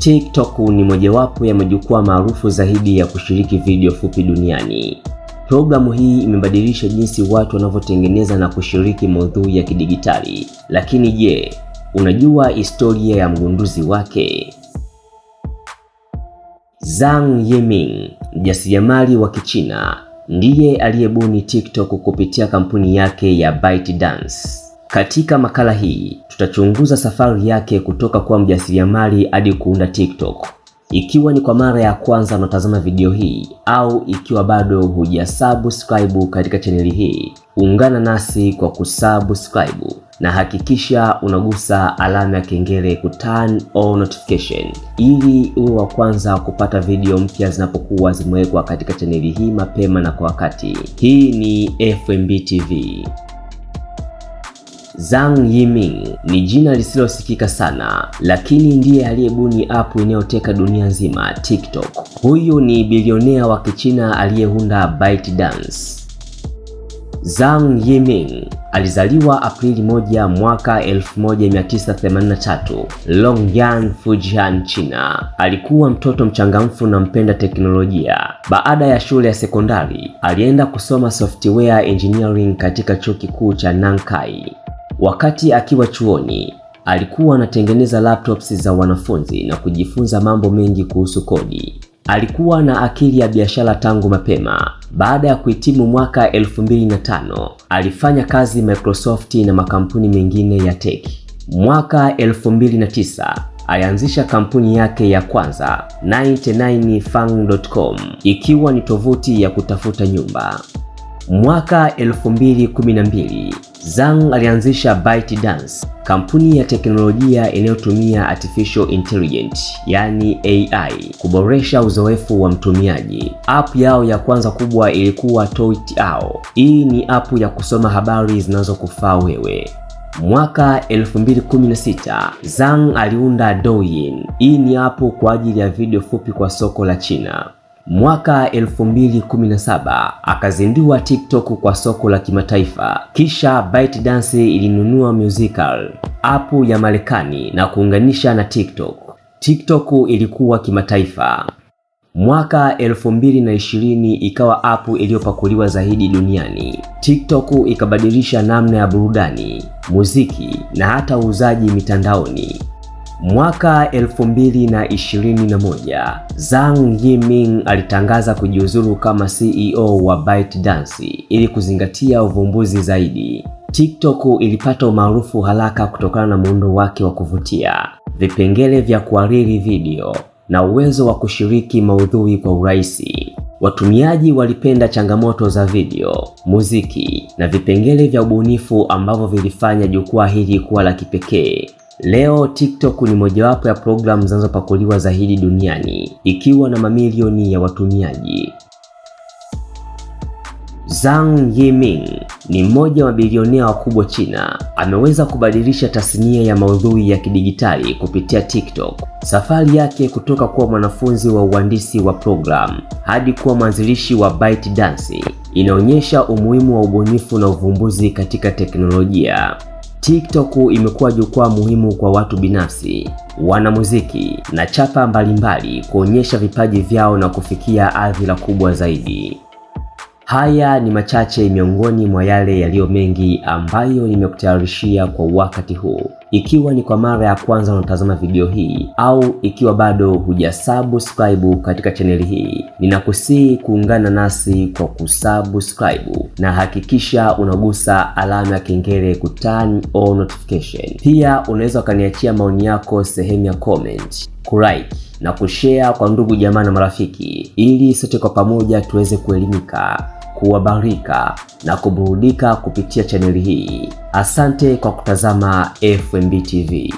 TikTok ni mojawapo ya majukwaa maarufu zaidi ya kushiriki video fupi duniani. Programu hii imebadilisha jinsi watu wanavyotengeneza na kushiriki maudhui ya kidigitali. Lakini je, unajua historia ya mgunduzi wake? Zhang Yiming, mjasiriamali wa Kichina, ndiye aliyebuni TikTok kupitia kampuni yake ya ByteDance. Katika makala hii tutachunguza safari yake kutoka kuwa mjasiriamali hadi kuunda TikTok. Ikiwa ni kwa mara ya kwanza unatazama video hii au ikiwa bado hujasubscribe katika chaneli hii, ungana nasi kwa kusubscribe na hakikisha unagusa alama ya kengele ku turn on notification ili uwe wa kwanza kupata video mpya zinapokuwa zimewekwa katika chaneli hii mapema na kwa wakati. Hii ni FMB TV. Zhang Yiming ni jina lisilosikika sana, lakini ndiye aliyebuni app inayoteka dunia nzima, TikTok. Huyu ni bilionea wa Kichina aliyeunda ByteDance. Zhang Yiming alizaliwa Aprili 1 mwaka 1983 Longyan, Fujian, China. Alikuwa mtoto mchangamfu na mpenda teknolojia. Baada ya shule ya sekondari, alienda kusoma software engineering katika chuo kikuu cha Nankai. Wakati akiwa chuoni, alikuwa anatengeneza laptops za wanafunzi na kujifunza mambo mengi kuhusu kodi. Alikuwa na akili ya biashara tangu mapema. Baada ya kuhitimu mwaka 2005, alifanya kazi Microsoft na makampuni mengine ya tech. Mwaka 2009 alianzisha kampuni yake ya kwanza 99fang.com, ikiwa ni tovuti ya kutafuta nyumba. Mwaka 2012 Zhang alianzisha ByteDance, kampuni ya teknolojia inayotumia artificial intelligence yani AI kuboresha uzoefu wa mtumiaji. App yao ya kwanza kubwa ilikuwa Toutiao. Hii ni app ya kusoma habari zinazokufaa wewe. Mwaka 2016 Zhang aliunda Douyin. Hii ni app kwa ajili ya video fupi kwa soko la China. Mwaka 2017 akazindua TikTok kwa soko la kimataifa, kisha ByteDance ilinunua Musical, app ya Marekani na kuunganisha na TikTok. TikTok ilikuwa kimataifa. Mwaka 2020 ikawa app iliyopakuliwa zaidi duniani. TikTok ikabadilisha namna ya burudani, muziki na hata uuzaji mitandaoni. Mwaka 2021, Zhang Yiming alitangaza kujiuzulu kama CEO wa ByteDance ili kuzingatia uvumbuzi zaidi. TikTok ilipata umaarufu haraka kutokana na muundo wake wa kuvutia, vipengele vya kuhariri video na uwezo wa kushiriki maudhui kwa urahisi. Watumiaji walipenda changamoto za video, muziki na vipengele vya ubunifu ambavyo vilifanya jukwaa hili kuwa la kipekee. Leo TikTok ni mojawapo ya programu zinazopakuliwa zaidi duniani ikiwa na mamilioni ya watumiaji. Zhang Yiming ni mmoja wa bilionea wakubwa China. Ameweza kubadilisha tasnia ya maudhui ya kidijitali kupitia TikTok. Safari yake kutoka kuwa mwanafunzi wa uhandisi wa programu hadi kuwa mwanzilishi wa ByteDance inaonyesha umuhimu wa ubunifu na uvumbuzi katika teknolojia. TikTok imekuwa jukwaa muhimu kwa watu binafsi, wanamuziki na chapa mbalimbali kuonyesha vipaji vyao na kufikia adhira kubwa zaidi. Haya ni machache miongoni mwa yale yaliyo mengi ambayo nimekutayarishia kwa wakati huu. Ikiwa ni kwa mara ya kwanza unatazama video hii au ikiwa bado hujasubscribe katika chaneli hii, ninakusihi kuungana nasi kwa kusubscribe na hakikisha unagusa alama ya kengele ku turn on notification. Pia unaweza ukaniachia maoni yako sehemu ya comment, kulike na kushare kwa ndugu jamaa na marafiki, ili sote kwa pamoja tuweze kuelimika kuwabarika na kuburudika kupitia chaneli hii. Asante kwa kutazama FMB TV.